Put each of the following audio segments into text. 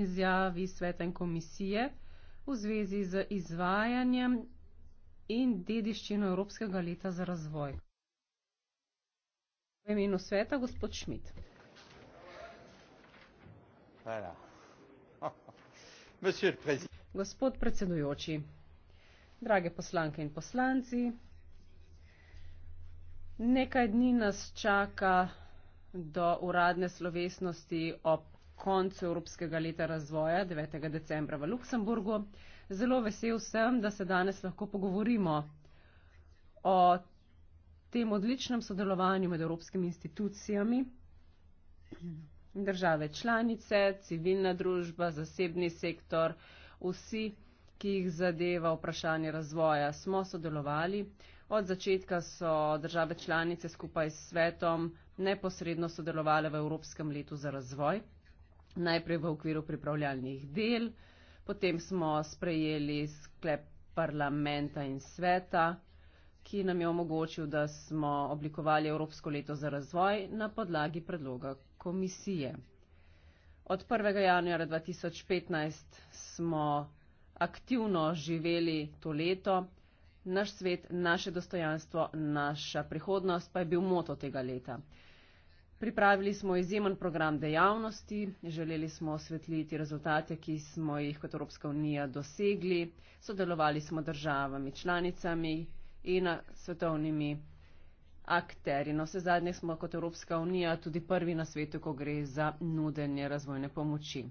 izjavi sveta in komisije v zvezi z izvajanjem in dediščino Evropskega leta za razvoj. V imenu sveta gospod Šmit. Hvala. Gospod predsedujoči, drage poslanke in poslanci, nekaj dni nas čaka do uradne slovesnosti ob konc Evropskega leta razvoja 9. decembra v Luksemburgu. Zelo vesel sem, da se danes lahko pogovorimo o tem odličnem sodelovanju med evropskimi institucijami, države članice, civilna družba, zasebni sektor, vsi, ki jih zadeva vprašanje razvoja. Smo sodelovali. Od začetka so države članice skupaj s svetom neposredno sodelovali v Evropskem letu za razvoj najprej v okviru pripravljalnih del, potem smo sprejeli sklep parlamenta in sveta, ki nam je omogočil, da smo oblikovali Evropsko leto za razvoj na podlagi predloga komisije. Od 1. januarja 2015 smo aktivno živeli to leto, naš svet, naše dostojanstvo, naša prihodnost pa je bil moto tega leta. Pripravili smo izjemen program dejavnosti, želeli smo osvetliti rezultate, ki smo jih kot Evropska unija dosegli, sodelovali smo državami, članicami in svetovnimi akteri. No, vse zadnje smo kot Evropska unija tudi prvi na svetu, ko gre za nudenje razvojne pomoči.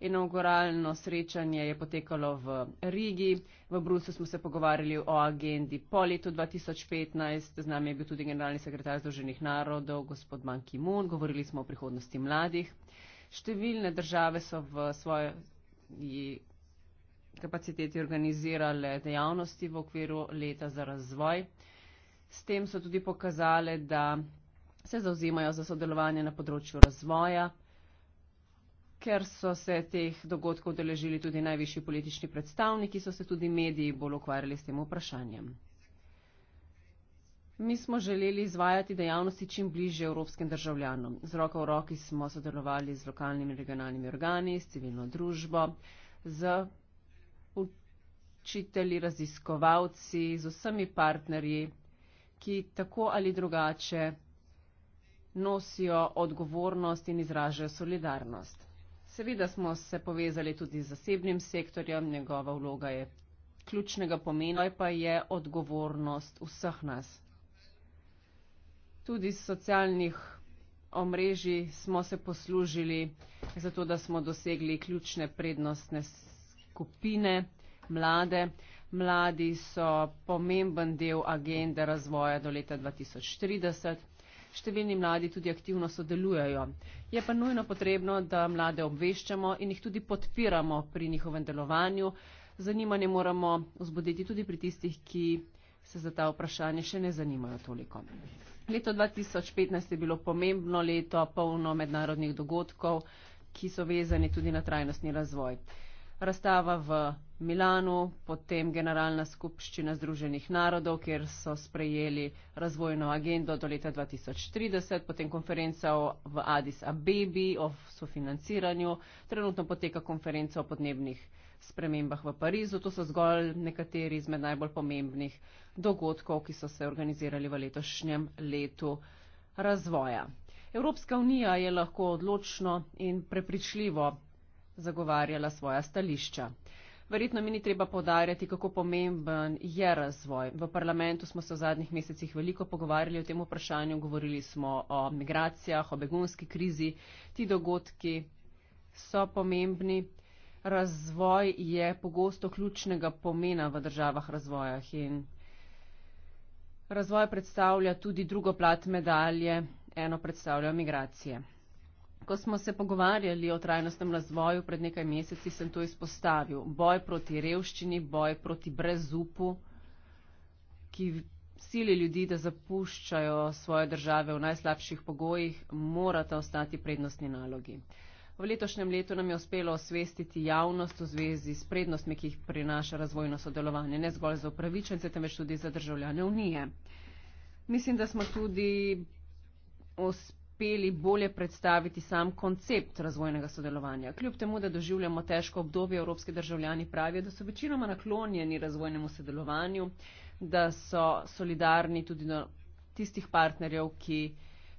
Inauguralno srečanje je potekalo v Rigi, v Bruslju smo se pogovarjali o agendi po letu 2015, z nami je bil tudi generalni sekretar Združenih narodov, gospod Ban Ki-moon, govorili smo o prihodnosti mladih. Številne države so v svoji kapaciteti organizirale dejavnosti v okviru leta za razvoj. S tem so tudi pokazale, da se zauzimajo za sodelovanje na področju razvoja ker so se teh dogodkov deležili tudi najvišji politični predstavniki, so se tudi mediji bolj ukvarjali s tem vprašanjem. Mi smo želeli izvajati dejavnosti čim bliže evropskim državljanom. Z roko v roki smo sodelovali z lokalnimi in regionalnimi organi, s civilno družbo, z učitelji, raziskovalci, z vsemi partnerji, ki tako ali drugače nosijo odgovornost in izražajo solidarnost. Seveda smo se povezali tudi z zasebnim sektorjem, njegova vloga je ključnega pomena, pa je odgovornost vseh nas. Tudi socialnih omrežji smo se poslužili, zato da smo dosegli ključne prednostne skupine, mlade. Mladi so pomemben del agende razvoja do leta 2030 številni mladi tudi aktivno sodelujejo. Je pa nujno potrebno, da mlade obveščamo in jih tudi podpiramo pri njihovem delovanju. Zanimanje moramo vzbuditi tudi pri tistih, ki se za ta vprašanja še ne zanimajo toliko. Leto 2015 je bilo pomembno leto, polno mednarodnih dogodkov, ki so vezani tudi na trajnostni razvoj razstava v Milanu, potem generalna skupščina Združenih narodov, kjer so sprejeli razvojno agendo do leta 2030, potem konferenca v Addis Abebi o sofinanciranju, trenutno poteka konferenca o podnebnih spremembah v Parizu. To so zgolj nekateri izmed najbolj pomembnih dogodkov, ki so se organizirali v letošnjem letu razvoja. Evropska unija je lahko odločno in prepričljivo zagovarjala svoja stališča. Verjetno mi ni treba podarjati, kako pomemben je razvoj. V parlamentu smo se v zadnjih mesecih veliko pogovarjali o tem vprašanju, govorili smo o migracijah, o begunski krizi. Ti dogodki so pomembni. Razvoj je pogosto ključnega pomena v državah razvojah in razvoj predstavlja tudi drugo plat medalje, eno predstavlja migracije. Ko smo se pogovarjali o trajnostnem razvoju pred nekaj meseci, sem to izpostavil. Boj proti revščini, boj proti brezupu, ki sili ljudi, da zapuščajo svoje države v najslabših pogojih, morata ostati prednostni nalogi. V letošnjem letu nam je uspelo osvestiti javnost v zvezi s prednostmi, ki jih prinaša razvojno sodelovanje, ne zgolj za upravičence, temveč tudi za državljane Unije. Mislim, da smo tudi uspeli uspeli bolje predstaviti sam koncept razvojnega sodelovanja. Kljub temu, da doživljamo težko obdobje, evropski državljani pravijo, da so večinoma naklonjeni razvojnemu sodelovanju, da so solidarni tudi do tistih partnerjev, ki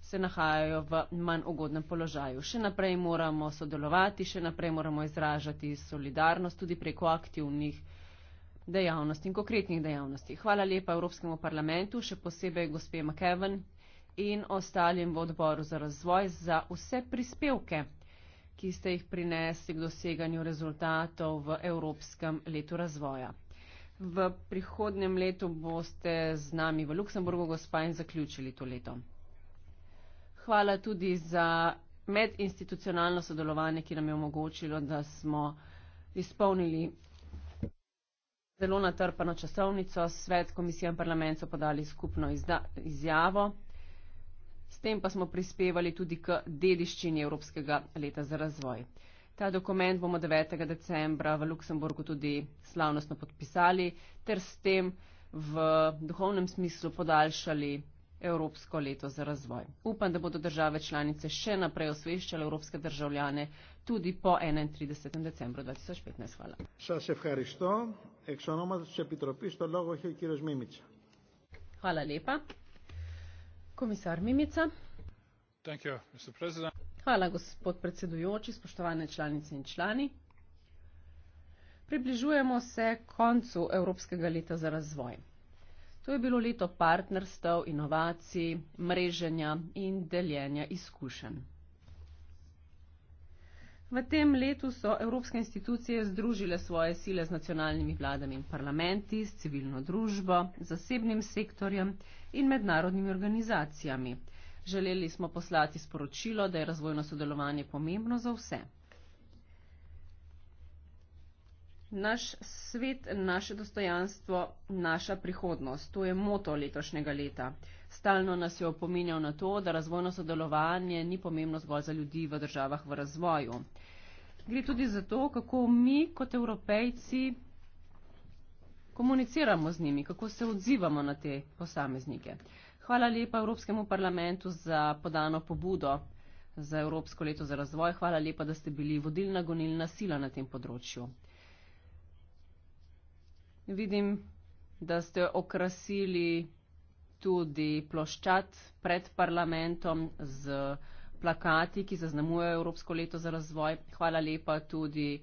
se nahajajo v manj ugodnem položaju. Še naprej moramo sodelovati, še naprej moramo izražati solidarnost tudi preko aktivnih dejavnosti in konkretnih dejavnosti. Hvala lepa Evropskemu parlamentu, še posebej gospe McKevin in ostalim v odboru za razvoj za vse prispevke, ki ste jih prinesli k doseganju rezultatov v Evropskem letu razvoja. V prihodnem letu boste z nami v Luksemburgu, gospa, in zaključili to leto. Hvala tudi za medinstitucionalno sodelovanje, ki nam je omogočilo, da smo izpolnili zelo natrpano časovnico. Svet, komisija in parlament so podali skupno izjavo. S tem pa smo prispevali tudi k dediščini Evropskega leta za razvoj. Ta dokument bomo 9. decembra v Luksemburgu tudi slavnostno podpisali ter s tem v duhovnem smislu podaljšali Evropsko leto za razvoj. Upam, da bodo države članice še naprej osveščale evropske državljane tudi po 31. decembru 2015. Hvala. Hvala lepa komisar Mimica. Thank you, Mr. President. Hvala, gospod predsedujoči, spoštovane članice in člani. Približujemo se koncu Evropskega leta za razvoj. To je bilo leto partnerstv, inovacij, mreženja in deljenja izkušenj. V tem letu so evropske institucije združile svoje sile z nacionalnimi vladami in parlamenti, s civilno družbo, zasebnim sektorjem in mednarodnimi organizacijami. Želeli smo poslati sporočilo, da je razvojno sodelovanje pomembno za vse. Naš svet, naše dostojanstvo, naša prihodnost, to je moto letošnjega leta. Stalno nas je opominjal na to, da razvojno sodelovanje ni pomembno zgolj za ljudi v državah v razvoju. Gre tudi za to, kako mi kot evropejci komuniciramo z njimi, kako se odzivamo na te posameznike. Hvala lepa Evropskemu parlamentu za podano pobudo za Evropsko leto za razvoj. Hvala lepa, da ste bili vodilna gonilna sila na tem področju. Vidim, da ste okrasili tudi ploščat pred parlamentom z plakati, ki zaznamujejo Evropsko leto za razvoj. Hvala lepa tudi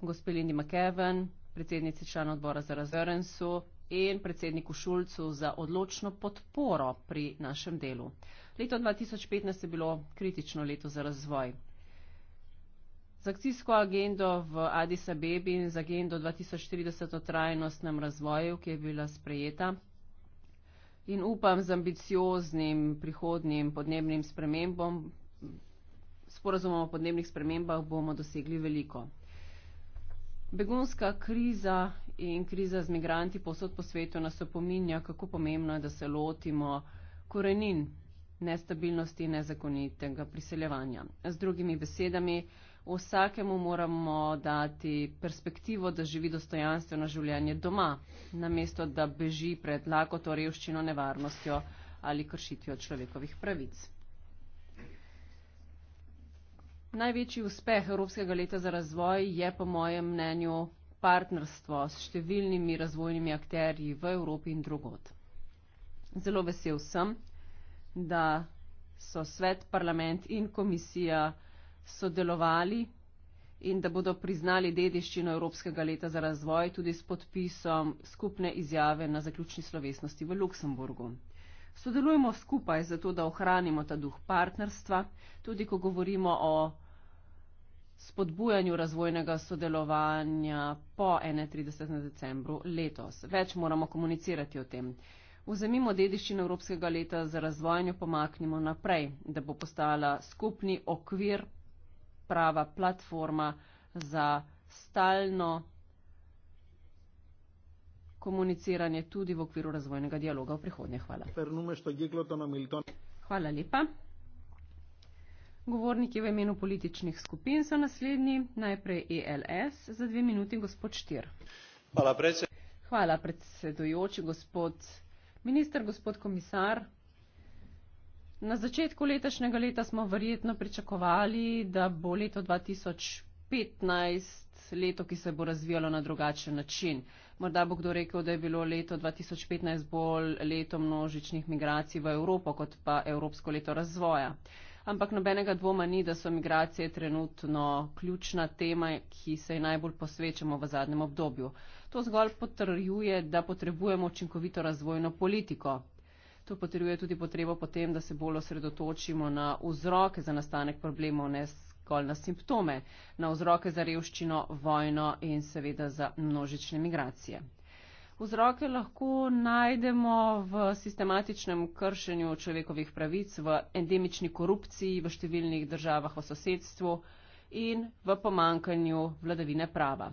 gospe Lindi McKeven, predsednici člana odbora za razvrnsu in predsedniku Šulcu za odločno podporo pri našem delu. Leto 2015 je bilo kritično leto za razvoj. Z akcijsko agendo v Addis Abebi in z agendo 2030 o trajnostnem razvoju, ki je bila sprejeta, in upam z ambicioznim prihodnim podnebnim spremembom, sporazumom o podnebnih spremembah bomo dosegli veliko. Begunska kriza in kriza z migranti posod po svetu nas opominja, kako pomembno je, da se lotimo korenin nestabilnosti in nezakonitega priseljevanja. Z drugimi besedami, vsakemu moramo dati perspektivo, da živi dostojanstveno življenje doma, namesto da beži pred lakoto revščino, nevarnostjo ali kršitvijo človekovih pravic. Največji uspeh Evropskega leta za razvoj je, po mojem mnenju, partnerstvo s številnimi razvojnimi akterji v Evropi in drugod. Zelo vesel sem, da so svet, parlament in komisija sodelovali in da bodo priznali dediščino Evropskega leta za razvoj tudi s podpisom skupne izjave na zaključni slovesnosti v Luksemburgu. Sodelujemo skupaj zato, da ohranimo ta duh partnerstva, tudi ko govorimo o spodbujanju razvojnega sodelovanja po 31. decembru letos. Več moramo komunicirati o tem. Vzemimo dediščino Evropskega leta za razvoj in jo pomaknimo naprej, da bo postala skupni okvir prava platforma za stalno komuniciranje tudi v okviru razvojnega dialoga v prihodnje. Hvala. Hvala lepa. Govorniki v imenu političnih skupin so naslednji. Najprej ELS za dve minuti, gospod Štir. Hvala, predsedujoči, gospod minister, gospod komisar. Na začetku letošnjega leta smo verjetno pričakovali, da bo leto 2015 leto, ki se bo razvijalo na drugačen način. Morda bo kdo rekel, da je bilo leto 2015 bolj leto množičnih migracij v Evropo kot pa Evropsko leto razvoja. Ampak nobenega dvoma ni, da so migracije trenutno ključna tema, ki se je najbolj posvečamo v zadnjem obdobju. To zgolj potrjuje, da potrebujemo učinkovito razvojno politiko, To potrjuje tudi potrebo potem, da se bolj osredotočimo na vzroke za nastanek problemov, ne zgolj na simptome, na vzroke za revščino, vojno in seveda za množične migracije. Vzroke lahko najdemo v sistematičnem kršenju človekovih pravic, v endemični korupciji v številnih državah v sosedstvu in v pomankanju vladavine prava.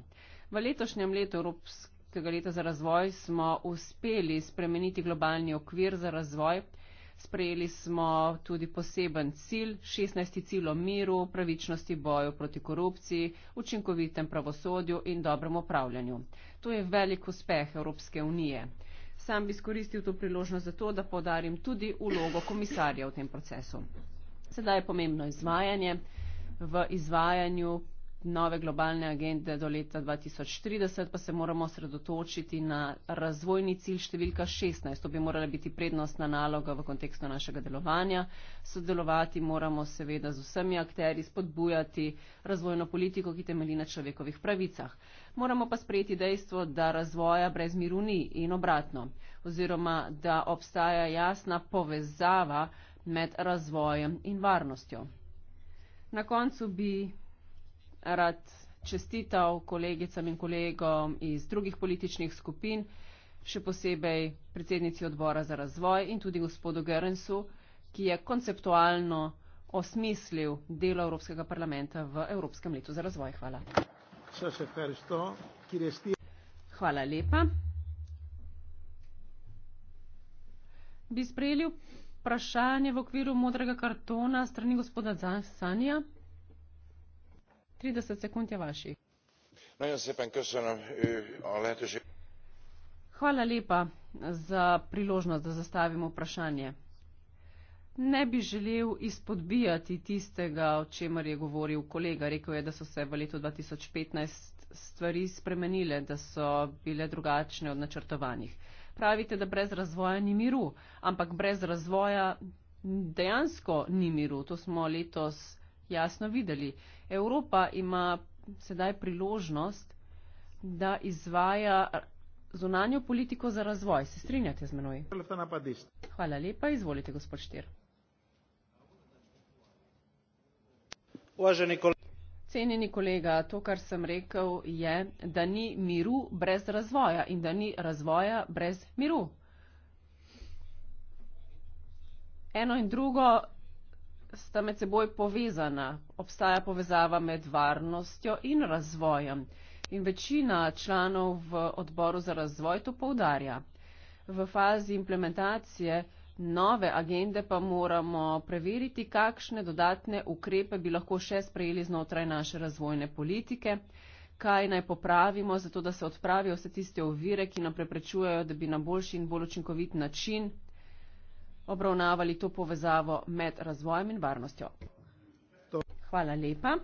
V letošnjem letu Evropske Tega leta za razvoj smo uspeli spremeniti globalni okvir za razvoj. Sprejeli smo tudi poseben cilj, 16. cilj o miru, pravičnosti boju proti korupciji, učinkovitem pravosodju in dobrem upravljanju. To je velik uspeh Evropske unije. Sam bi skoristil to priložnost za to, da podarim tudi ulogo komisarja v tem procesu. Sedaj je pomembno izvajanje. V izvajanju nove globalne agende do leta 2030, pa se moramo sredotočiti na razvojni cilj številka 16. To bi morala biti prednostna naloga v kontekstu našega delovanja. Sodelovati moramo seveda z vsemi akteri, spodbujati razvojno politiko, ki temelji na človekovih pravicah. Moramo pa sprejeti dejstvo, da razvoja brez miru ni in obratno, oziroma da obstaja jasna povezava med razvojem in varnostjo. Na koncu bi rad čestital kolegicam in kolegom iz drugih političnih skupin, še posebej predsednici odbora za razvoj in tudi gospodu Gerensu, ki je konceptualno osmislil delo Evropskega parlamenta v Evropskem letu za razvoj. Hvala. Hvala lepa. Bi sprejeli vprašanje v okviru modrega kartona strani gospoda Zanija? 30 sekund je vaših. Nagyon szépen köszönöm a lehetőséget. Hvala lepa za priložnost, da zastavimo vprašanje. Ne bi želel izpodbijati tistega, o čemer je govoril kolega. Rekel je, da so se v letu 2015 stvari spremenile, da so bile drugačne od načrtovanih. Pravite, da brez razvoja ni miru, ampak brez razvoja dejansko ni miru. To smo letos jasno videli. Evropa ima sedaj priložnost, da izvaja zunanjo politiko za razvoj. Se strinjate z menoj? Hvala lepa, izvolite gospod Štir. Cenjeni kolega, to, kar sem rekel, je, da ni miru brez razvoja in da ni razvoja brez miru. Eno in drugo sta med seboj povezana, obstaja povezava med varnostjo in razvojem. In večina članov v odboru za razvoj to poudarja. V fazi implementacije nove agende pa moramo preveriti, kakšne dodatne ukrepe bi lahko še sprejeli znotraj naše razvojne politike, kaj naj popravimo, zato da se odpravijo vse tiste ovire, ki nam preprečujejo, da bi na boljši in bolj učinkovit način obravnavali to povezavo med razvojem in varnostjo. Hvala lepa.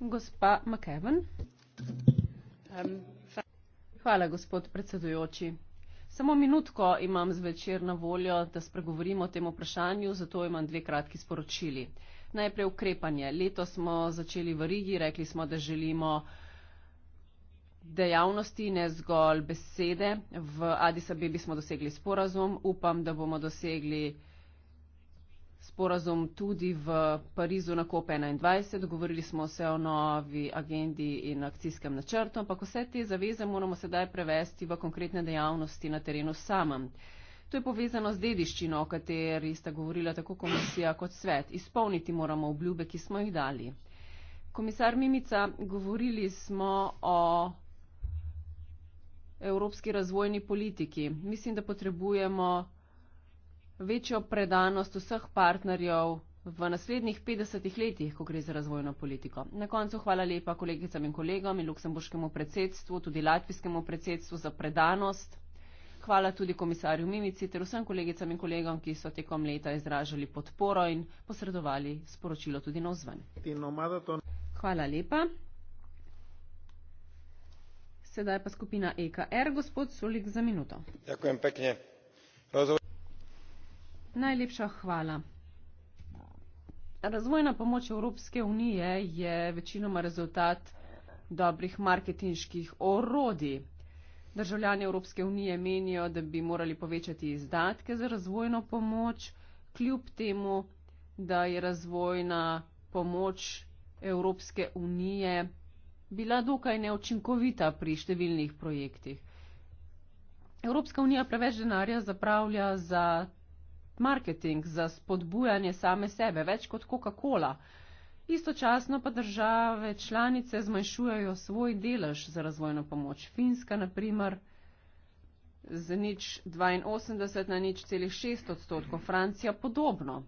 Gospa McEwen. Hvala, gospod predsedujoči. Samo minutko imam zvečer na voljo, da spregovorim o tem vprašanju, zato imam dve kratki sporočili. Najprej ukrepanje. Leto smo začeli v Rigi, rekli smo, da želimo dejavnosti, ne zgolj besede. V Addis Abebi smo dosegli sporazum. Upam, da bomo dosegli sporazum tudi v Parizu na COP21. Govorili smo se o novi agendi in akcijskem načrtu, ampak vse te zaveze moramo sedaj prevesti v konkretne dejavnosti na terenu samem. To je povezano z dediščino, o kateri sta govorila tako komisija kot svet. Izpolniti moramo obljube, ki smo jih dali. Komisar Mimica, govorili smo o evropski razvojni politiki. Mislim, da potrebujemo večjo predanost vseh partnerjev v naslednjih 50 letih, ko gre za razvojno politiko. Na koncu hvala lepa kolegicam in kolegom in luksemburškemu predsedstvu, tudi latvijskemu predsedstvu za predanost. Hvala tudi komisarju Mimici ter vsem kolegicam in kolegom, ki so tekom leta izražali podporo in posredovali sporočilo tudi na vzven. Hvala lepa. Sedaj pa skupina EKR, gospod Sulik za minuto. Dakujem pekne. Razvoj... Najlepša hvala. Razvojna pomoč Evropske unije je večinoma rezultat dobrih marketinških orodij. Državljani Evropske unije menijo, da bi morali povečati izdatke za razvojno pomoč, kljub temu, da je razvojna pomoč Evropske unije bila dokaj neočinkovita pri številnih projektih. Evropska unija preveč denarja zapravlja za marketing, za spodbujanje same sebe, več kot Coca-Cola. Istočasno pa države članice zmanjšujejo svoj delež za razvojno pomoč. Finska, na primer, z nič 82 na nič celih 6 odstotkov, Francija podobno.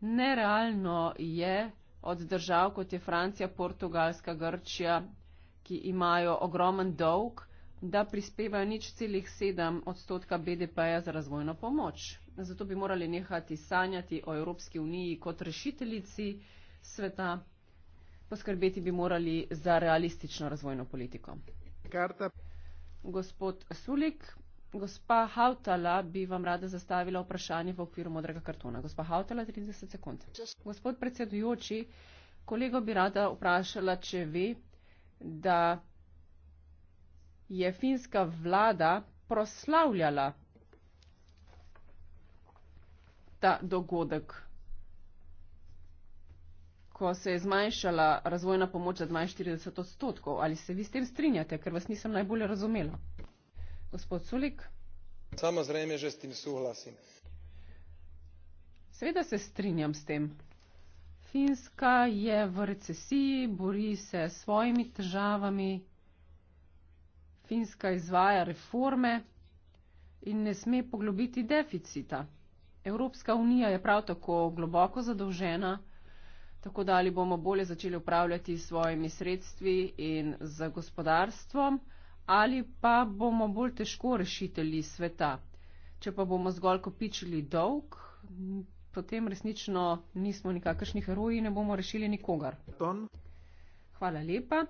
Nerealno je, od držav, kot je Francija, Portugalska, Grčija, ki imajo ogromen dolg, da prispevajo nič celih sedem odstotka BDP-ja za razvojno pomoč. Zato bi morali nehati sanjati o Evropski uniji kot rešiteljici sveta, poskrbeti bi morali za realistično razvojno politiko. Karta. Gospod Sulik, Gospa Hautala bi vam rada zastavila vprašanje v okviru modrega kartona. Gospa Hautala, 30 sekund. Gospod predsedujoči, kolego bi rada vprašala, če ve, da je finska vlada proslavljala ta dogodek, ko se je zmanjšala razvojna pomoč za 42 odstotkov. Ali se vi s tem strinjate, ker vas nisem najbolje razumela? Gospod Sulik. Samo zreme, že s tem suhlasim. Seveda se strinjam s tem. Finska je v recesiji, bori se s svojimi težavami. Finska izvaja reforme in ne sme poglobiti deficita. Evropska unija je prav tako globoko zadolžena, tako da ali bomo bolje začeli upravljati s svojimi sredstvi in z gospodarstvom ali pa bomo bolj težko rešitelji sveta. Če pa bomo zgolj kopičili dolg, potem resnično nismo nikakršni heroji in ne bomo rešili nikogar. Ton. Hvala lepa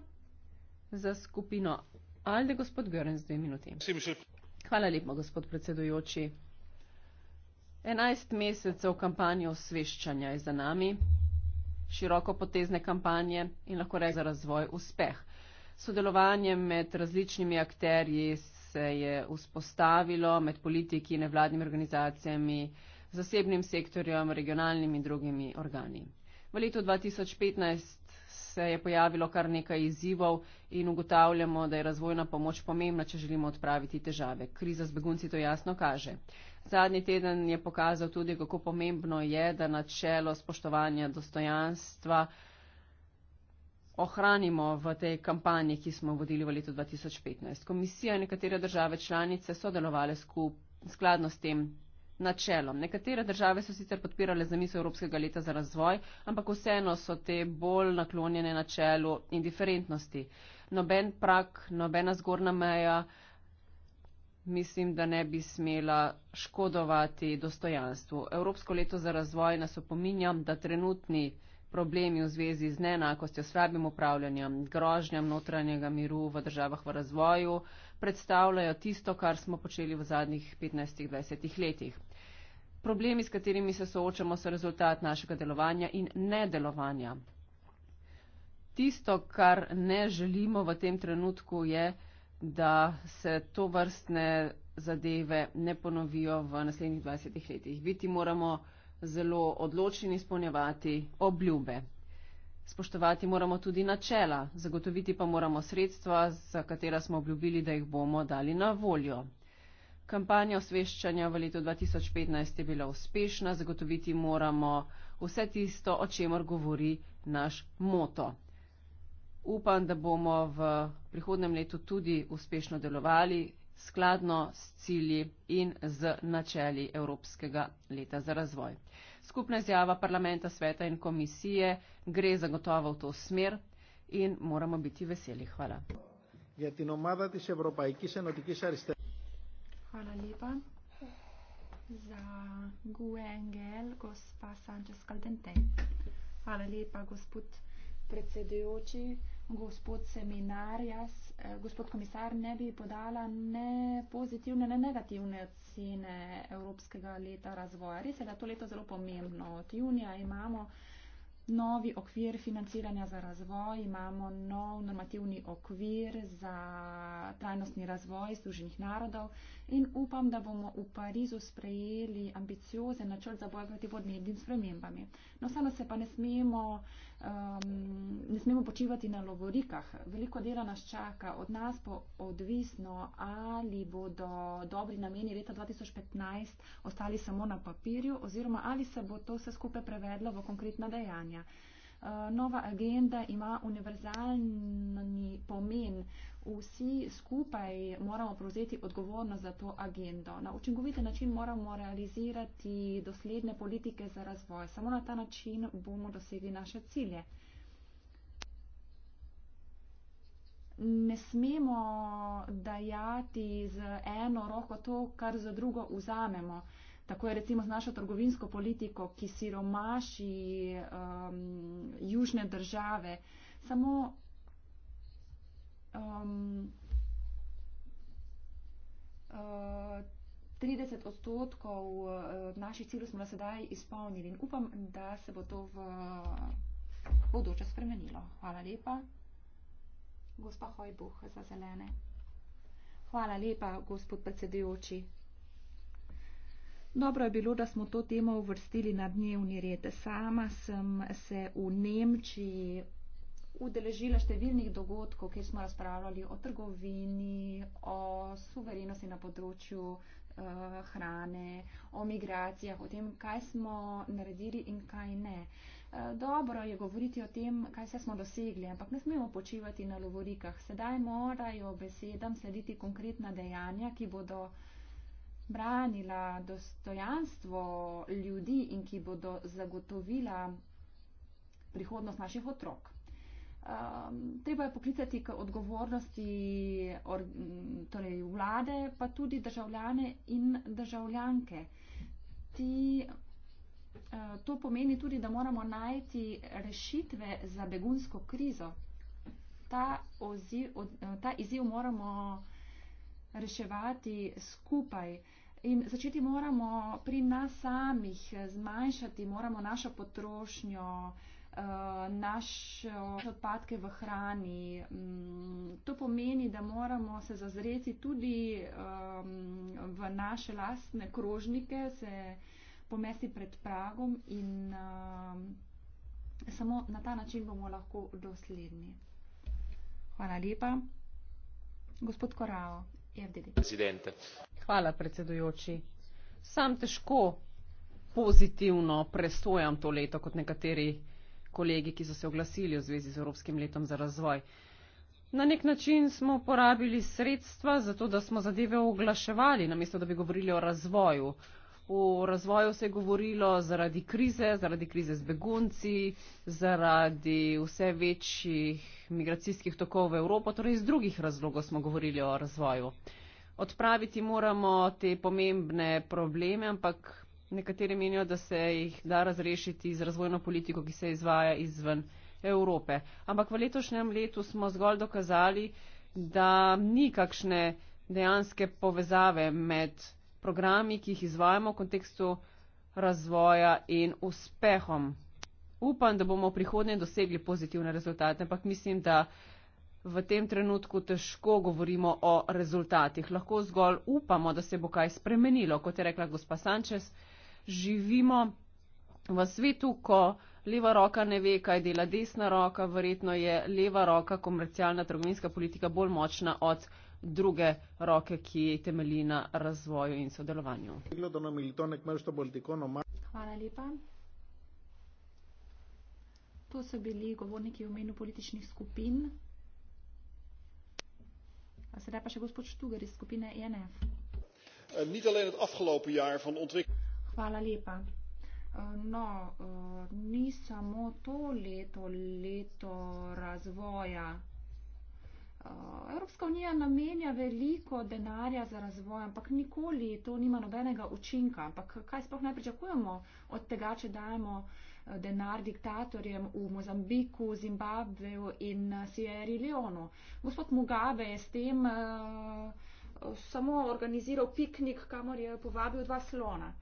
za skupino Alde, gospod Gören, z dve minuti. Hvala lepa, gospod predsedujoči. 11 mesecev kampanje osveščanja je za nami, široko potezne kampanje in lahko reče za razvoj uspeh sodelovanjem med različnimi akterji se je vzpostavilo, med politiki, nevladnimi organizacijami, zasebnim sektorjem, regionalnimi in drugimi organi. V letu 2015 se je pojavilo kar nekaj izzivov in ugotavljamo, da je razvojna pomoč pomembna, če želimo odpraviti težave. Kriza z begunci to jasno kaže. Zadnji teden je pokazal tudi, kako pomembno je, da načelo spoštovanja dostojanstva ohranimo v tej kampanji, ki smo vodili v letu 2015. Komisija in nekatere države članice so delovali skup, skladno s tem načelom. Nekatere države so sicer podpirale zamisel Evropskega leta za razvoj, ampak vseeno so te bolj naklonjene načelu indiferentnosti. Noben prak, nobena zgornja meja mislim, da ne bi smela škodovati dostojanstvu. Evropsko leto za razvoj nas opominjam, da trenutni problemi v zvezi z neenakostjo, slabim upravljanjem, grožnjam notranjega miru v državah v razvoju, predstavljajo tisto, kar smo počeli v zadnjih 15-20 letih. Problemi, s katerimi se soočamo, so rezultat našega delovanja in nedelovanja. Tisto, kar ne želimo v tem trenutku, je, da se to vrstne zadeve ne ponovijo v naslednjih 20 letih. Biti moramo zelo odločni izpolnjevati obljube. Spoštovati moramo tudi načela, zagotoviti pa moramo sredstva, za katera smo obljubili, da jih bomo dali na voljo. Kampanja osveščanja v letu 2015 je bila uspešna, zagotoviti moramo vse tisto, o čemer govori naš moto. Upam, da bomo v prihodnem letu tudi uspešno delovali, skladno s cilji in z načeli Evropskega leta za razvoj. Skupna izjava parlamenta, sveta in komisije gre zagotovo v to smer in moramo biti veseli. Hvala. Ja, no Hvala lepa. Za GUE-NGL, gospa Sanchez Caldente. Hvala lepa, gospod predsedujoči, gospod seminarjas, eh, gospod komisar, ne bi podala ne pozitivne, ne negativne ocene Evropskega leta razvoja. Res je, da to leto zelo pomembno. Od junija imamo novi okvir financiranja za razvoj, imamo nov normativni okvir za trajnostni razvoj Združenih narodov in upam, da bomo v Parizu sprejeli ambiciozen načrt za boj proti podnebnim spremembami. No, samo se pa ne smemo um, ne smemo počivati na logorikah. Veliko dela nas čaka, od nas pa odvisno, ali bodo dobri nameni leta 2015 ostali samo na papirju oziroma ali se bo to vse skupaj prevedlo v konkretna dejanja. Uh, nova agenda ima univerzalni pomen uh, vsi skupaj moramo prevzeti odgovornost za to agendo. Na učinkovite način moramo realizirati dosledne politike za razvoj. Samo na ta način bomo dosegli naše cilje. Ne smemo dajati z eno roko to, kar za drugo vzamemo. Tako je recimo z našo trgovinsko politiko, ki siromaši um, južne države. Samo um, uh, 30 odstotkov uh, naših ciljev smo na sedaj izpolnili in upam, da se bo to v bodoče spremenilo. Hvala lepa, gospa Hojbuh za zelene. Hvala lepa, gospod predsedujoči. Dobro je bilo, da smo to temo uvrstili na dnevni red. Sama sem se v Nemčiji udeležila številnih dogodkov, kjer smo razpravljali o trgovini, o suverenosti na področju eh, hrane, o migracijah, o tem, kaj smo naredili in kaj ne. Eh, dobro je govoriti o tem, kaj vse smo dosegli, ampak ne smemo počivati na lovorikah. Sedaj morajo besedam slediti konkretna dejanja, ki bodo branila dostojanstvo ljudi in ki bodo zagotovila prihodnost naših otrok. Um, treba je poklicati k odgovornosti or, torej vlade, pa tudi državljane in državljanke. Ti, uh, to pomeni tudi, da moramo najti rešitve za begunsko krizo. Ta, oziv, od, eh, ta izziv moramo reševati skupaj. In začeti moramo pri nas samih, zmanjšati moramo našo potrošnjo, uh, Eh, naše odpadke v hrani. Mm, to pomeni, da moramo se zazreti tudi v naše lastne krožnike, se pomesti pred pragom in samo na ta način bomo lahko dosledni. Hvala lepa. Gospod Korao, FDD. Presidente. Hvala, predsedujoči. Sam težko pozitivno presojam to leto kot nekateri kolegi, ki so se oglasili v zvezi z Evropskim letom za razvoj. Na nek način smo porabili sredstva za to, da smo zadeve oglaševali, namesto da bi govorili o razvoju. O razvoju se je govorilo zaradi krize, zaradi krize z begunci, zaradi vse večjih migracijskih tokov v Evropo, torej iz drugih razlogov smo govorili o razvoju. Odpraviti moramo te pomembne probleme, ampak Nekateri menijo, da se jih da razrešiti z razvojno politiko, ki se izvaja izven Evrope. Ampak v letošnjem letu smo zgolj dokazali, da ni kakšne dejanske povezave med programi, ki jih izvajamo v kontekstu razvoja in uspehom. Upam, da bomo v prihodnje dosegli pozitivne rezultate, ampak mislim, da v tem trenutku težko govorimo o rezultatih. Lahko zgolj upamo, da se bo kaj spremenilo, kot je rekla gospa Sančes živimo v svetu, ko leva roka ne ve, kaj dela desna roka, verjetno je leva roka komercialna trgovinska politika bolj močna od druge roke, ki temelji na razvoju in sodelovanju. Hvala lepa. To so bili govorniki v menu političnih skupin. A sedaj pa še gospod Štugar iz skupine INF. E uh, eh, niet alleen het afgelopen jaar van ontwikkeling. Hvala lepa. Eh, no, eh, ni samo to leto, leto razvoja. Eh, Evropska unija namenja veliko denarja za razvoj, ampak nikoli to nima nobenega učinka. Ampak kaj sploh ne pričakujemo od tega, če dajemo denar diktatorjem v Mozambiku, Zimbabveju in Sierra Leonu. Gospod Mugabe je s tem uh, samo organiziral piknik, kamor je povabil dva slona. Uh,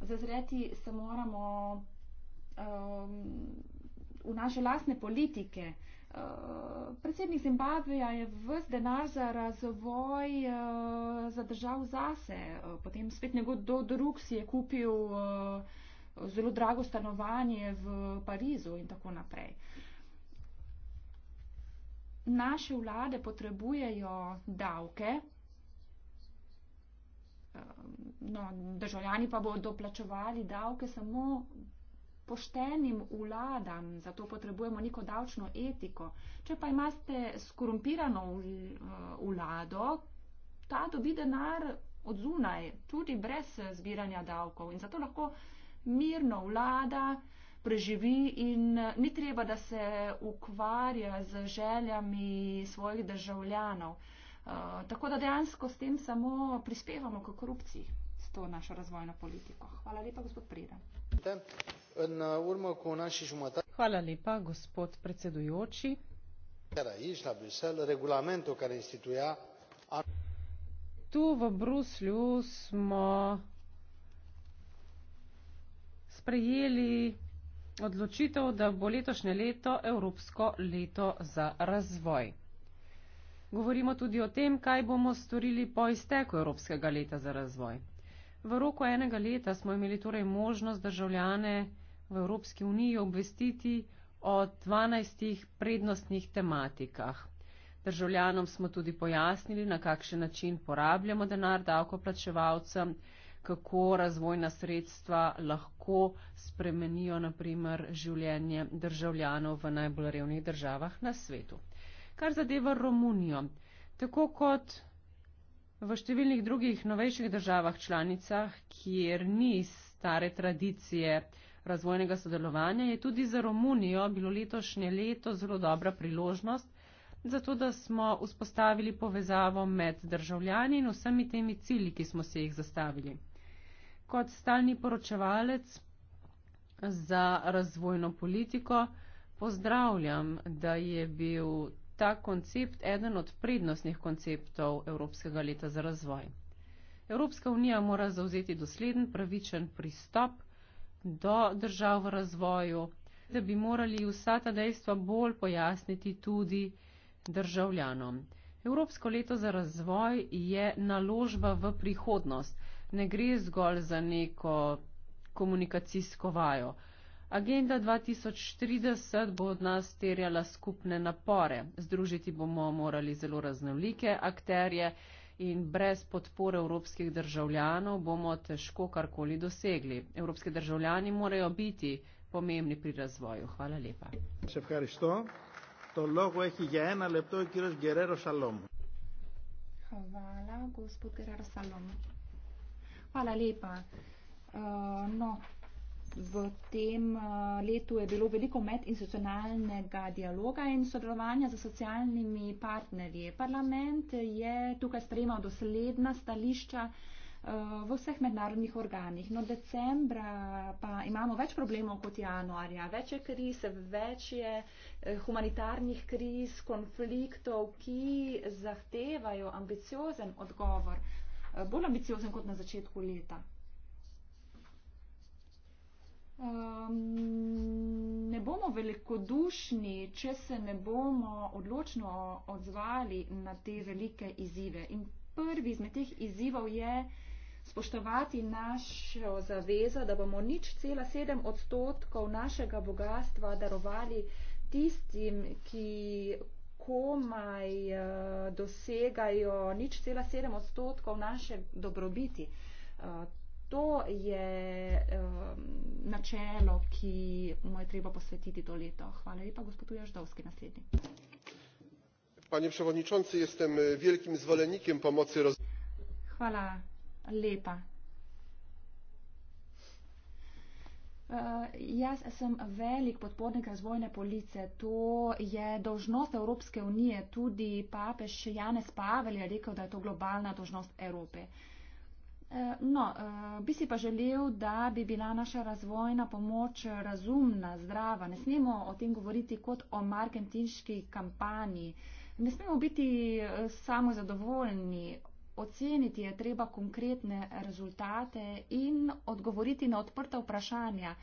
zazreti se moramo um, v naše lasne politike. Uh, predsednik Zimbabveja je vs denar za razvoj uh, zadržal zase, uh, potem spet njegov do drug si je kupil uh, zelo drago stanovanje v Parizu in tako naprej. Naše vlade potrebujejo davke, Ehm, no, državljani pa bodo plačevali davke samo poštenim vladam, zato potrebujemo neko davčno etiko. Če pa imate skorumpirano eh, vlado, ta dobi denar od zunaj, tudi brez zbiranja davkov in zato lahko mirno vlada preživi in eh, ni treba, da se ukvarja z željami svojih državljanov. Eh, tako da dejansko s tem samo prispevamo k korupciji s to našo razvojno politiko. Hvala lepa, gospod Preden. Eh, Hvala lepa, gospod predsedujoči. Tu v Bruslju smo sprejeli odločitev, da bo letošnje leto Evropsko leto za razvoj. Govorimo tudi o tem, kaj bomo storili po izteku Evropskega leta za razvoj. V roku enega leta smo imeli torej možnost državljane v Evropski uniji obvestiti o 12 prednostnih tematikah. Državljanom smo tudi pojasnili, na kakšen način porabljamo denar davkoplačevalcem, kako razvojna sredstva lahko spremenijo naprimer življenje državljanov v najbolj revnih državah na svetu kar zadeva Romunijo. Tako kot v številnih drugih novejših državah članicah, kjer ni stare tradicije razvojnega sodelovanja, je tudi za Romunijo bilo letošnje leto zelo dobra priložnost, zato da smo vzpostavili povezavo med državljani in vsemi temi cilji, ki smo se jih zastavili. Kot stalni poročevalec za razvojno politiko pozdravljam, da je bil ta koncept eden od prednostnih konceptov Evropskega leta za razvoj. Evropska unija mora zauzeti dosleden, pravičen pristop do držav v razvoju, da bi morali vsa ta dejstva bolj pojasniti tudi državljanom. Evropsko leto za razvoj je naložba v prihodnost, ne gre zgolj za neko komunikacijsko vajo. Agenda 2030 bo od nas terjala skupne napore. Združiti bomo morali zelo raznolike akterje in brez podpore evropskih državljanov bomo težko karkoli dosegli. Evropski državljani morajo biti pomembni pri razvoju. Hvala lepa. Hvala, gospod Gerard Salom. Hvala lepa. Uh, no, v tem eh, letu je bilo veliko medinstitucionalnega dialoga in sodelovanja z socialnimi partnerji. Parlament je tukaj sprejemal dosledna stališča eh, v vseh mednarodnih organih. No, decembra pa imamo več problemov kot januarja. Več je krize, več je eh, humanitarnih kriz, konfliktov, ki zahtevajo ambiciozen odgovor, bolj ambiciozen kot na začetku leta. Um, ne bomo velikodušni, če se ne bomo odločno odzvali na te velike izzive. In prvi izmed teh izzivov je spoštovati našo zavezo, da bomo nič cela sedem odstotkov našega bogatstva darovali tistim, ki komaj uh, dosegajo nič cela sedem odstotkov naše dobrobiti. Uh, to je um, načelo, ki mu je treba posvetiti to leto. Hvala lepa, gospod Ježdovski, naslednji. Panie przewodniczący, jestem wielkim zwolennikiem pomocy rozwojowej. Hvala lepa. Uh, jaz sem velik podpornik razvojne police. To je dožnost Evropske unije. Tudi papež Janez Pavel je rekel, da je to globalna dožnost Evrope. Uh, Eh, no, eh, bi si pa želel, da bi bila naša razvojna pomoč razumna, zdrava. Ne smemo o tem govoriti kot o marketinški kampanji. Ne smemo biti eh, samo zadovoljni. Oceniti je treba konkretne rezultate in odgovoriti na odprta vprašanja,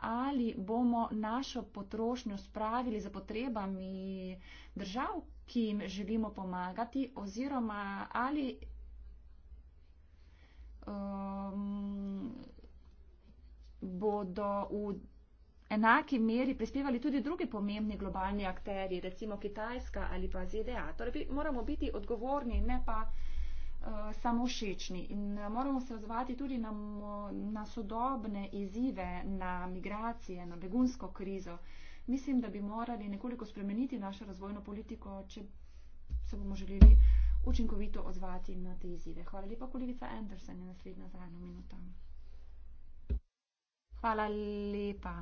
ali bomo našo potrošnjo spravili za potrebami držav, ki jim želimo pomagati, oziroma ali um, bodo v enaki meri prispevali tudi drugi pomembni globalni akteri, recimo Kitajska ali pa ZDA. Torej bi, moramo biti odgovorni, ne pa uh, samo všečni. In uh, moramo se ozvati tudi na, na sodobne izzive, na migracije, na begunsko krizo. Mislim, da bi morali nekoliko spremeniti našo razvojno politiko, če se bomo želeli učinkovito odzvati na te izzive. Hvala lepa, kolegica Andersen, je naslednja za eno minuto. Hvala lepa.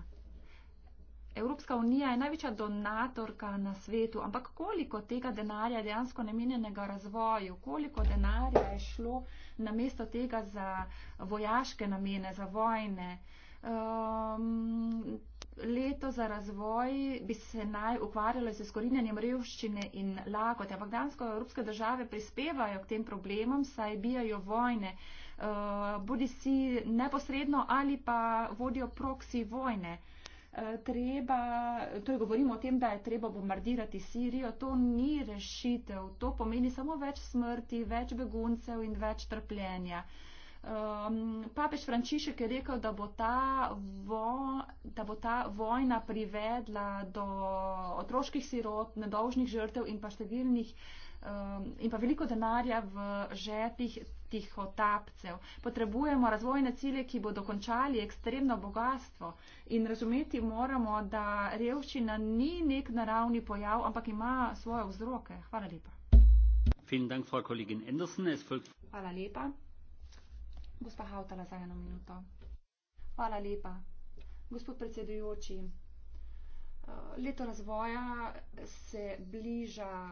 Evropska unija je največja donatorka na svetu, ampak koliko tega denarja je dejansko namenjenega razvoju, koliko denarja je šlo namesto tega za vojaške namene, za vojne. Um, leto za razvoj bi se naj ukvarjalo z izkorinjanjem revščine in lakote, ampak dansko evropske države prispevajo k tem problemom, saj bijajo vojne, eh, bodi si neposredno ali pa vodijo proksi vojne. Eh, treba, to torej je govorimo o tem, da je treba bombardirati Sirijo, to ni rešitev, to pomeni samo več smrti, več beguncev in več trpljenja um, papež Frančišek je rekel, da bo, ta vo, da bo ta vojna privedla do otroških sirot, nedolžnih žrtev in pa številnih um, in pa veliko denarja v žepih tih otapcev. Potrebujemo razvojne cilje, ki bodo končali ekstremno bogatstvo in razumeti moramo, da revščina ni nek naravni pojav, ampak ima svoje vzroke. Hvala lepa. Vielen Dank, Frau Kollegin Andersen. Es folgt. Hvala lepa. Gospa Hautala za eno minuto. Hvala lepa. Gospod predsedujoči, eh, leto razvoja se bliža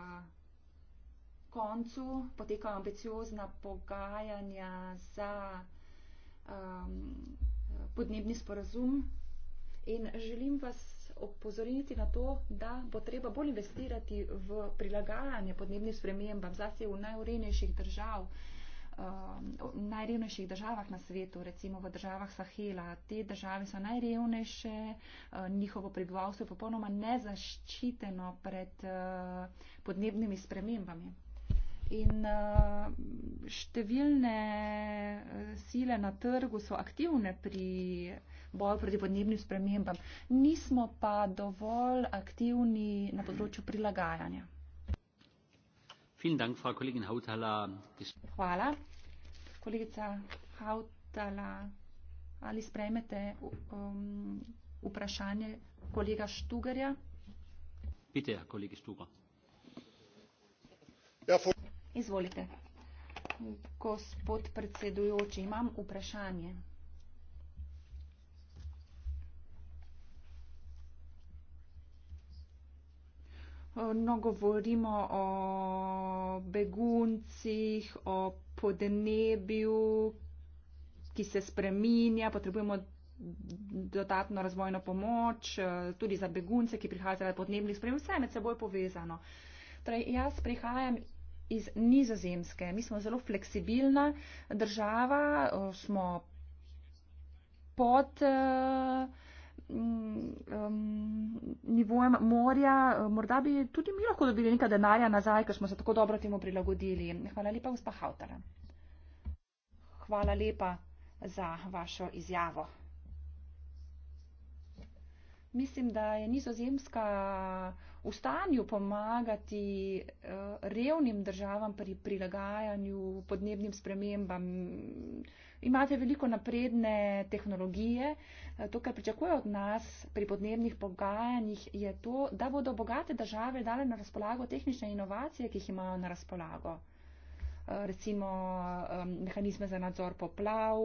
koncu, potekajo ambiciozna pogajanja za um, podnebni sporazum in želim vas opozoriti na to, da bo treba bolj investirati v prilagajanje podnebnim spremembam, zlasti v najurejnejših državah. Um, najrevnejših državah na svetu, recimo v državah Sahela. Te države so najrevnejše, uh, njihovo prebivalstvo je popolnoma nezaščiteno pred uh, podnebnimi spremembami. In uh, številne sile na trgu so aktivne pri boju proti podnebnim spremembam, nismo pa dovolj aktivni na področju prilagajanja. Hvala. Kolegica Hautala, ali sprejmete um, vprašanje kolega Štugarja? Pite, kolegi Štugar. Ja, for... Izvolite. Gospod predsedujoči, imam vprašanje. No, govorimo o beguncih, o podnebju, ki se spreminja, potrebujemo dodatno razvojno pomoč, eh, tudi za begunce, ki prihajajo zaradi podnebnih sprememb, vse je med seboj povezano. Torej, jaz prihajam iz nizozemske. Mi smo zelo fleksibilna država, eh, smo pod. Uh, um, nivojem morja. Eh, morda bi tudi mi lahko dobili nekaj denarja nazaj, ker smo se tako dobro temu prilagodili. Hvala lepa, gospa Hautala. Hvala lepa za vašo izjavo. Mislim, da je nizozemska v stanju pomagati eh, revnim državam pri prilagajanju podnebnim spremembam imate veliko napredne tehnologije. To, kar pričakujejo od nas pri podnebnih pogajanjih, je to, da bodo bogate države dale na razpolago tehnične inovacije, ki jih imajo na razpolago. Eh, recimo mehanizme za nadzor poplav,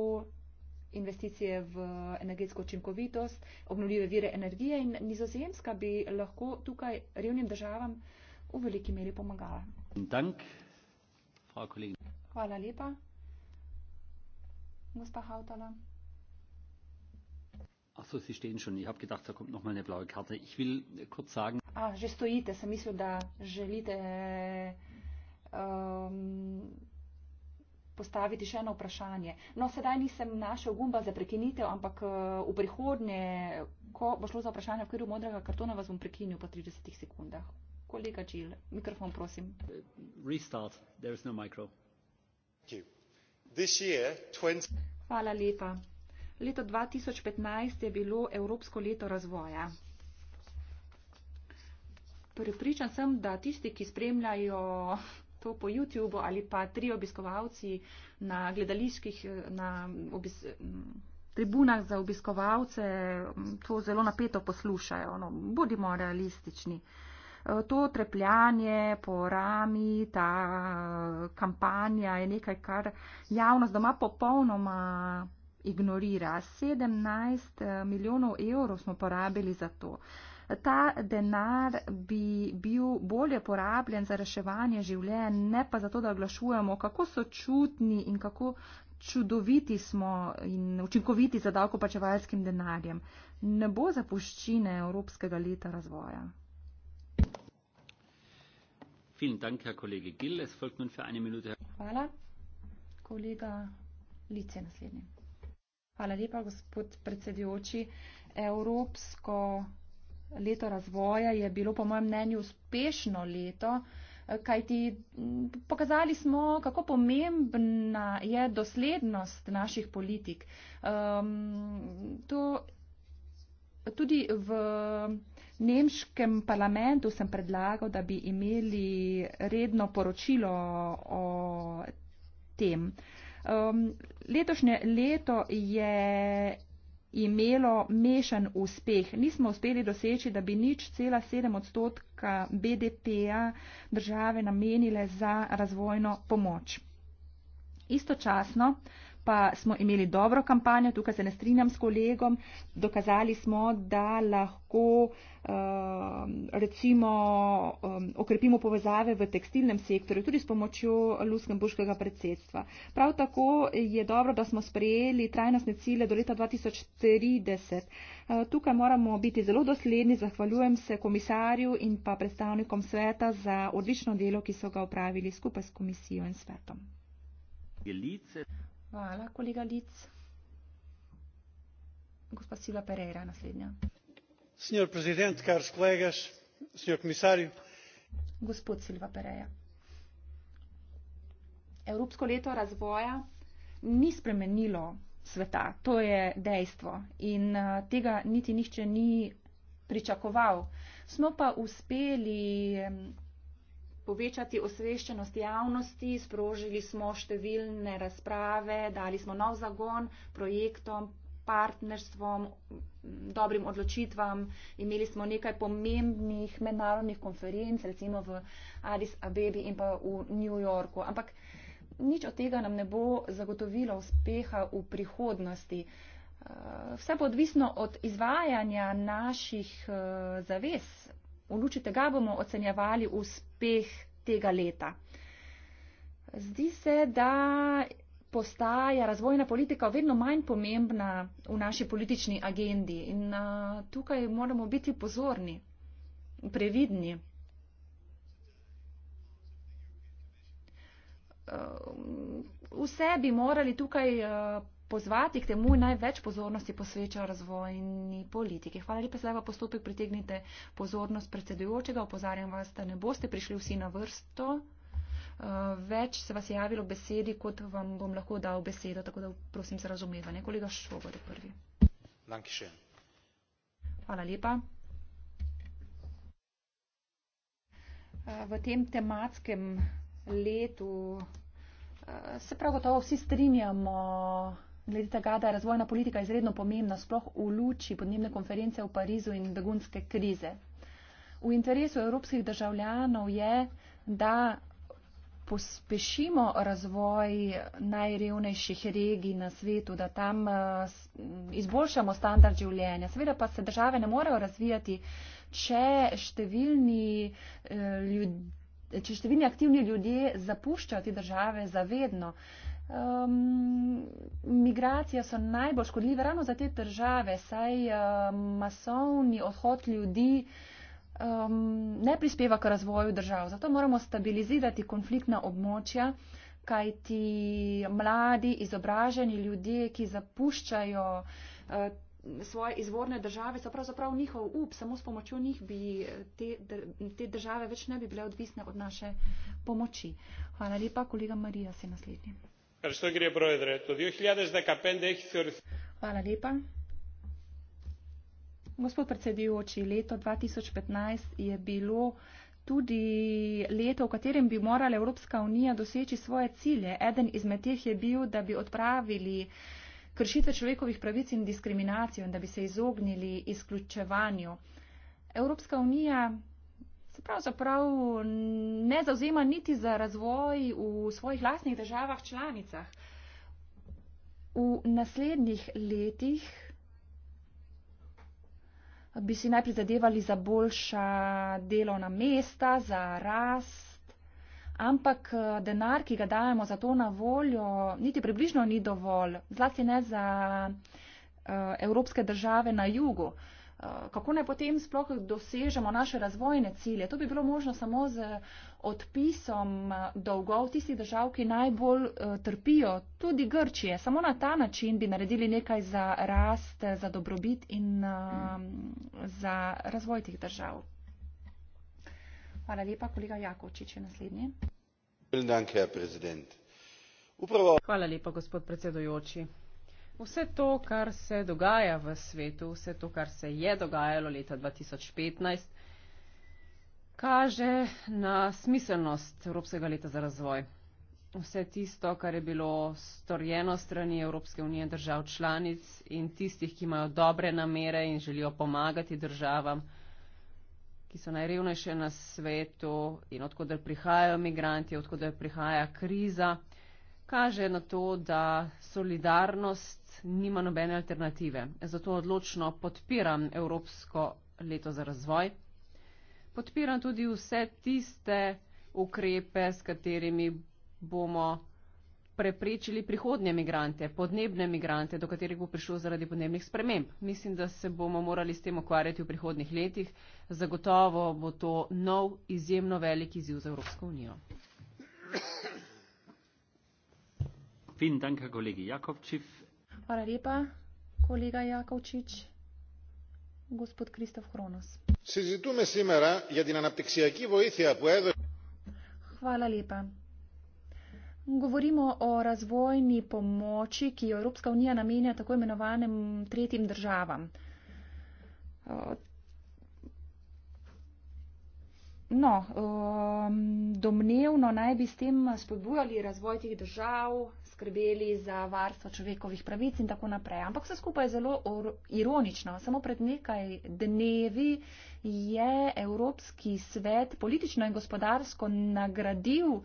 investicije v energetsko učinkovitost, obnovljive vire energije in nizozemska bi lahko tukaj revnim državam v veliki meri pomagala. Dank, Hvala lepa. Gospa Hautala. Achso, Sie stehen schon. Ich habe gedacht, da kommt noch mal eine blaue Karte. Ich will äh, kurz sagen. Ah, že stojite. Sem mislil, da želite um, postaviti še eno vprašanje. No, sedaj nisem našel gumba za prekinitev, ampak eh, v prihodnje, ko bo šlo za vprašanje v okviru modrega kartona, vas bom prekinil po 30 sekundah. Kolega Čil, mikrofon prosim. Restart. There is no micro. Thank you. Hvala lepa. Leto 2015 je bilo Evropsko leto razvoja. Pripričan sem, da tisti, ki spremljajo to po YouTubu ali pa tri obiskovalci na gledaliških, na obis, tribunah za obiskovalce, to zelo napeto poslušajo. No, bodimo realistični. Uh, to trepljanje po rami, ta eh, kampanja je nekaj, kar javnost doma popolnoma ignorira. 17 eh, milijonov evrov smo porabili za to. Ta denar bi bil bolje porabljen za reševanje življenj, ne pa zato, da oglašujemo, kako so čutni in kako čudoviti smo in učinkoviti za davkopačevalskim denarjem. Ne bo zapuščine Evropskega leta razvoja. Vielen Dank, Herr Kollege Gill. Es folgt nun für eine Minute Herr Hvala. Kolega Lice naslednji. Hvala lepa, gospod predsedujoči. Evropsko leto razvoja je bilo, po mojem mnenju, uspešno leto, kajti pokazali smo, kako pomembna je doslednost naših politik. Um, to tudi v nemškem parlamentu sem predlagal, da bi imeli redno poročilo o tem. Um, letošnje leto je imelo mešan uspeh. Nismo uspeli doseči, da bi nič cela sedem odstotka BDP-a države namenile za razvojno pomoč. Istočasno uh, pa smo imeli dobro kampanjo, tukaj se ne strinjam s kolegom, dokazali smo, da lahko ehm, recimo ehm, okrepimo povezave v tekstilnem sektorju, tudi s pomočjo Luskemburškega predsedstva. Prav tako je dobro, da smo sprejeli trajnostne cilje do leta 2030. E, tukaj moramo biti zelo dosledni, zahvaljujem se komisarju in pa predstavnikom sveta za odlično delo, ki so ga upravili skupaj s komisijo in svetom. Hvala, kolega Lic. Gospa Sila Pereira, naslednja. Senjor prezident, kar s kolegaš, senjor komisarju. Gospod Silva Pereja. Evropsko leto razvoja ni spremenilo sveta, to je dejstvo in eh, tega niti nihče ni pričakoval. Smo pa uspeli povečati osveščenost javnosti, sprožili smo številne razprave, dali smo nov zagon projektom, partnerstvom, dobrim odločitvam. Imeli smo nekaj pomembnih mednarodnih konferenc, recimo v Addis Abebi in pa v New Yorku. Ampak nič od tega nam ne bo zagotovilo uspeha v prihodnosti. Eh, vse bo odvisno od izvajanja naših eh, zaves, v luči tega bomo ocenjevali uspeh tega leta. Zdi se, da postaja razvojna politika vedno manj pomembna v naši politični agendi in a, tukaj moramo biti pozorni, previdni. A, v sebi morali tukaj a, pozvati k temu največ pozornosti posvečajo razvojni politiki. Hvala lepa, zdaj pa postopek pritegnite pozornost predsedujočega. Opozarjam vas, da ne boste prišli vsi na vrsto. Eh, več se vas je javilo besedi, kot vam bom lahko dal besedo, tako da prosim za razumevanje. Kolega Švobode prvi. Hvala lepa. Eh, v tem tematskem letu eh, se prav gotovo vsi strinjamo, glede tega, da je razvojna politika izredno pomembna, sploh v luči podnebne konference v Parizu in begunske krize. V interesu evropskih državljanov je, da pospešimo razvoj najrevnejših regij na svetu, da tam eh, izboljšamo standard življenja. Seveda pa se države ne morejo razvijati, če številni, eh, ljud, če številni aktivni ljudje zapuščajo te države zavedno. Um, migracije so najbolj škodljive ravno za te države, saj um, masovni odhod ljudi um, ne prispeva k razvoju držav. Zato moramo stabilizirati konfliktna območja, kajti mladi, izobraženi ljudje, ki zapuščajo uh, svoje izvorne države, so pravzaprav njihov up. Samo s pomočjo njih bi te, te države več ne bi bile odvisne od naše pomoči. Hvala lepa, kolega Marija, se naslednji. Hvala lepa. Gospod predsedujoči, leto 2015 je bilo tudi leto, v katerem bi morala Evropska unija doseči svoje cilje. Eden izmed teh je bil, da bi odpravili kršitve človekovih pravic in diskriminacijo in da bi se izognili izključevanju. Evropska unija se pravzaprav ne zauzema niti za razvoj v svojih lastnih državah članicah. V naslednjih letih bi si najprej zadevali za boljša delovna mesta, za rast, ampak denar, ki ga dajemo za to na voljo, niti približno ni dovolj, zlasti ne za uh, evropske države na jugu. Uh, Eh, kako naj potem sploh dosežemo naše razvojne cilje. To bi bilo možno samo z odpisom eh, dolgov tistih držav, ki najbolj eh, trpijo, tudi Grčije. Samo na ta način bi naredili nekaj za rast, za dobrobit in mm. za razvoj teh držav. Hvala lepa, kolega Jakovčič, naslednji. Hvala lepa, gospod predsedujoči. Vse to, kar se dogaja v svetu, vse to, kar se je dogajalo leta 2015, kaže na smiselnost Evropskega leta za razvoj. Vse tisto, kar je bilo storjeno strani Evropske unije držav članic in tistih, ki imajo dobre namere in želijo pomagati državam, ki so najrevnejše na svetu in odkudar prihajajo migranti, odkudar prihaja kriza kaže na to, da solidarnost nima nobene alternative. Zato odločno podpiram Evropsko leto za razvoj. Podpiram tudi vse tiste ukrepe, s katerimi bomo preprečili prihodnje migrante, podnebne migrante, do katerih bo prišlo zaradi podnebnih sprememb. Mislim, da se bomo morali s tem ukvarjati v prihodnih letih. Zagotovo bo to nov izjemno velik izziv za Evropsko unijo. Hvala lepa, kolega Jakovčič. Gospod Kristof Kronos. Hvala lepa. Govorimo o razvojni pomoči, ki jo Evropska unija namenja tako imenovanim tretjim državam. No, um, domnevno naj bi s tem spodbujali razvoj teh držav, skrbeli za varstvo človekovih pravic in tako naprej. Ampak vse skupaj je zelo ironično. Samo pred nekaj dnevi je Evropski svet politično in gospodarsko nagradil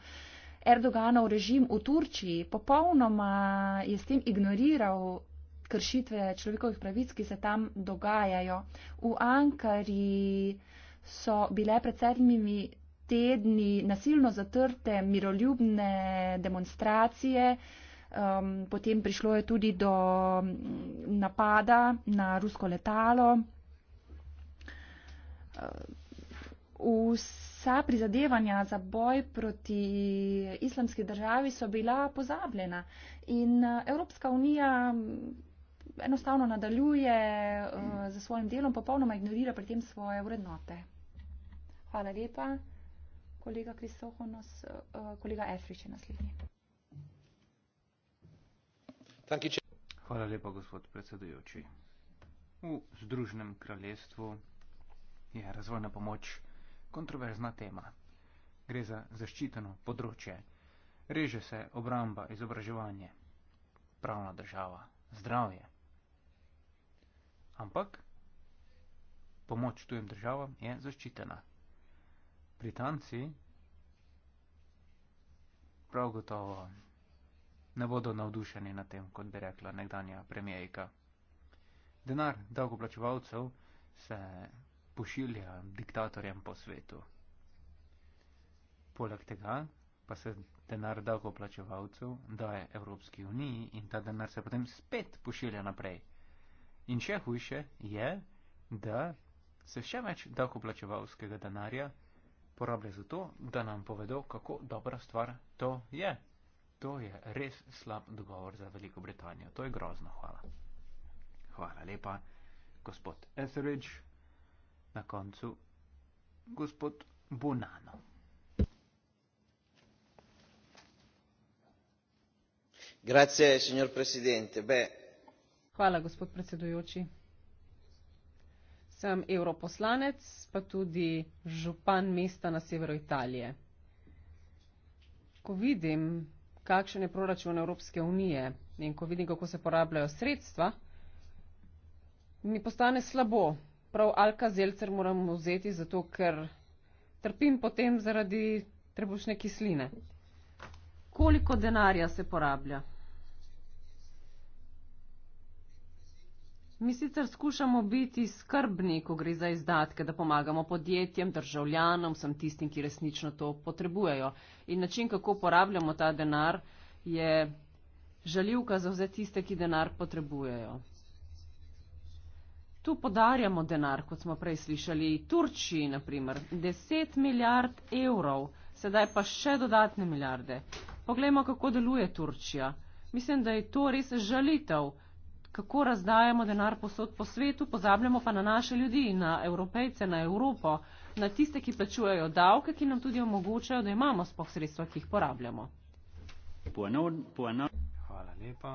Erdoganov režim v Turčiji. Popolnoma je s tem ignoriral kršitve človekovih pravic, ki se tam dogajajo. V Ankari so bile pred sedmimi tedni nasilno zatrte miroljubne demonstracije. Um, potem prišlo je tudi do mm, napada na rusko letalo. Uh, vsa prizadevanja za boj proti islamski državi so bila pozabljena in uh, Evropska unija mm, enostavno nadaljuje uh, za svojim delom, popolnoma ignorira pri tem svoje vrednote. Hvala lepa. Kolega Kristohonos, eh, kolega Efrič je naslednji. Hvala lepa, gospod predsedujoči. V Združenem kraljestvu je razvojna pomoč kontroverzna tema. Gre za zaščiteno področje. Reže se obramba, izobraževanje, pravna država, zdravje. Ampak pomoč tujem državam je zaščitena. Britanci prav gotovo ne bodo navdušeni na tem, kot bi rekla nekdanja premijejka. Denar dolgoplačevalcev se pošilja diktatorjem po svetu. Poleg tega pa se denar dolgoplačevalcev daje Evropski uniji in ta denar se potem spet pošilja naprej. In še hujše je, da se še več dolgoplačevalskega denarja porablja za to, da nam povedo, kako dobra stvar to je. To je res slab dogovor za Veliko Britanijo. To je grozno. Hvala. Hvala lepa, gospod Etheridge. Na koncu gospod Bonano. Grazie, signor Presidente. Beh. Hvala, gospod predsedujoči sem europoslanec, pa tudi župan mesta na severu Italije. Ko vidim, kakšen je proračun Evropske unije in ko vidim, kako se porabljajo sredstva, mi postane slabo. Prav Alka Zelcer moram vzeti, zato ker trpim potem zaradi trebušne kisline. Koliko denarja se porablja? Mi sicer skušamo biti skrbni, ko gre za izdatke, da pomagamo podjetjem, državljanom, vsem tistim, ki resnično to potrebujejo. In način, kako porabljamo ta denar, je žaljivka za vse tiste, ki denar potrebujejo. Tu podarjamo denar, kot smo prej slišali, Turčiji naprimer, 10 milijard evrov, sedaj pa še dodatne milijarde. Poglejmo, kako deluje Turčija. Mislim, da je to res žalitev kako razdajamo denar posod po svetu, pozabljamo pa na naše ljudi, na evropejce, na Evropo, na tiste, ki plačujejo davke, ki nam tudi omogočajo, da imamo spoh sredstva, ki jih porabljamo. Hvala lepa.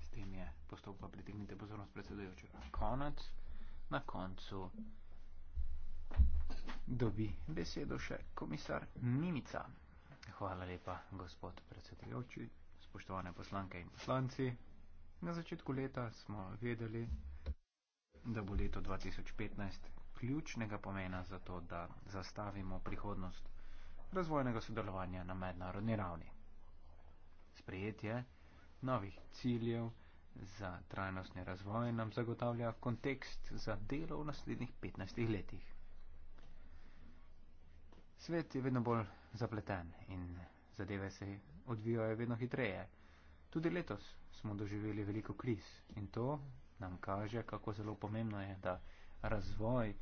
S tem je postopka pritegnite pozornost predsedujočega. Konec. Na koncu dobi besedo še komisar Mimica. Hvala lepa, gospod predsedujoči spoštovane poslanke in poslanci. Na začetku leta smo vedeli, da bo leto 2015 ključnega pomena za to, da zastavimo prihodnost razvojnega sodelovanja na mednarodni ravni. Sprejetje novih ciljev za trajnostni razvoj nam zagotavlja kontekst za delo v naslednjih 15 letih. Svet je vedno bolj zapleten in zadeve se odvijajo vedno hitreje. Tudi letos smo doživeli veliko kriz in to nam kaže, kako zelo pomembno je, da razvoj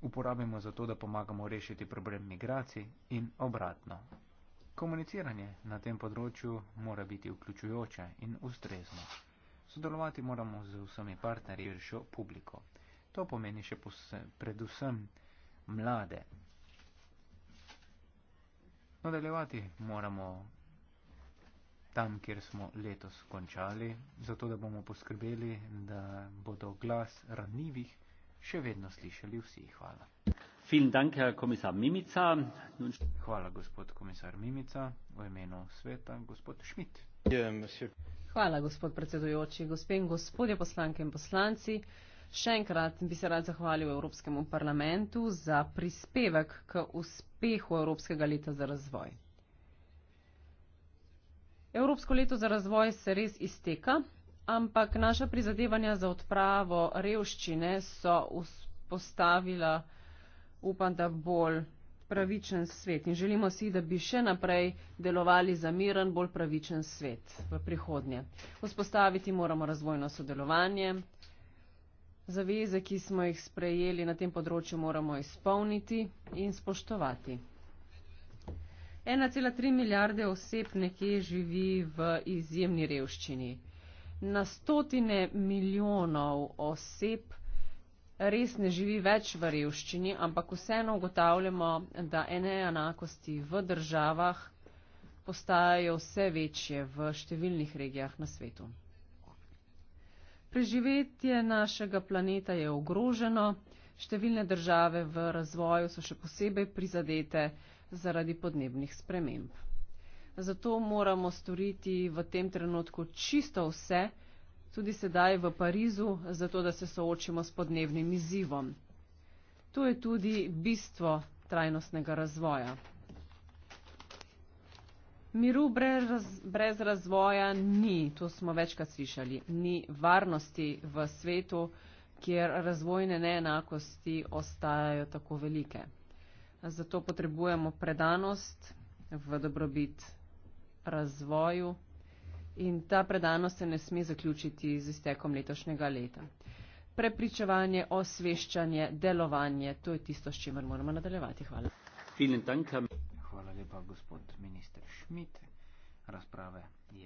uporabimo za to, da pomagamo rešiti problem migracij in obratno. Komuniciranje na tem področju mora biti vključujoče in ustrezno. Sodelovati moramo z vsemi partnerji in še publiko. To pomeni še predvsem mlade, nadaljevati moramo tam, kjer smo letos končali, zato da bomo poskrbeli, da bodo glas ranljivih še vedno slišali vsi. Hvala. Danke, Hvala, gospod komisar Mimica, v imenu sveta, gospod Šmit. Yeah, Hvala, gospod predsedujoči, gospe in gospodje poslanke in poslanci. Še enkrat bi se rad zahvalil Evropskemu parlamentu za prispevek k uspehu Evropskega leta za razvoj. Evropsko leto za razvoj se res izteka, ampak naša prizadevanja za odpravo revščine so postavila, upam, da bolj pravičen svet in želimo si, da bi še naprej delovali za miren, bolj pravičen svet v prihodnje. Vzpostaviti moramo razvojno sodelovanje, Zaveze, ki smo jih sprejeli na tem področju, moramo izpolniti in spoštovati. 1,3 milijarde oseb nekje živi v izjemni revščini. Na stotine milijonov oseb res ne živi več v revščini, ampak vseeno ugotavljamo, da ene enakosti v državah postajajo vse večje v številnih regijah na svetu. Preživetje našega planeta je ogroženo, številne države v razvoju so še posebej prizadete zaradi podnebnih sprememb. Zato moramo storiti v tem trenutku čisto vse, tudi sedaj v Parizu, zato da se soočimo s podnebnim izzivom. To je tudi bistvo trajnostnega razvoja. Miru brez, raz, brez razvoja ni, to smo večkrat slišali, ni varnosti v svetu, kjer razvojne neenakosti ostajajo tako velike. Zato potrebujemo predanost v dobrobit razvoju in ta predanost se ne sme zaključiti z iztekom letošnjega leta. Prepričevanje, osveščanje, delovanje, to je tisto, s čimer moramo nadaljevati. Hvala. Hvala lepa, gospod minister Šmit. Razprave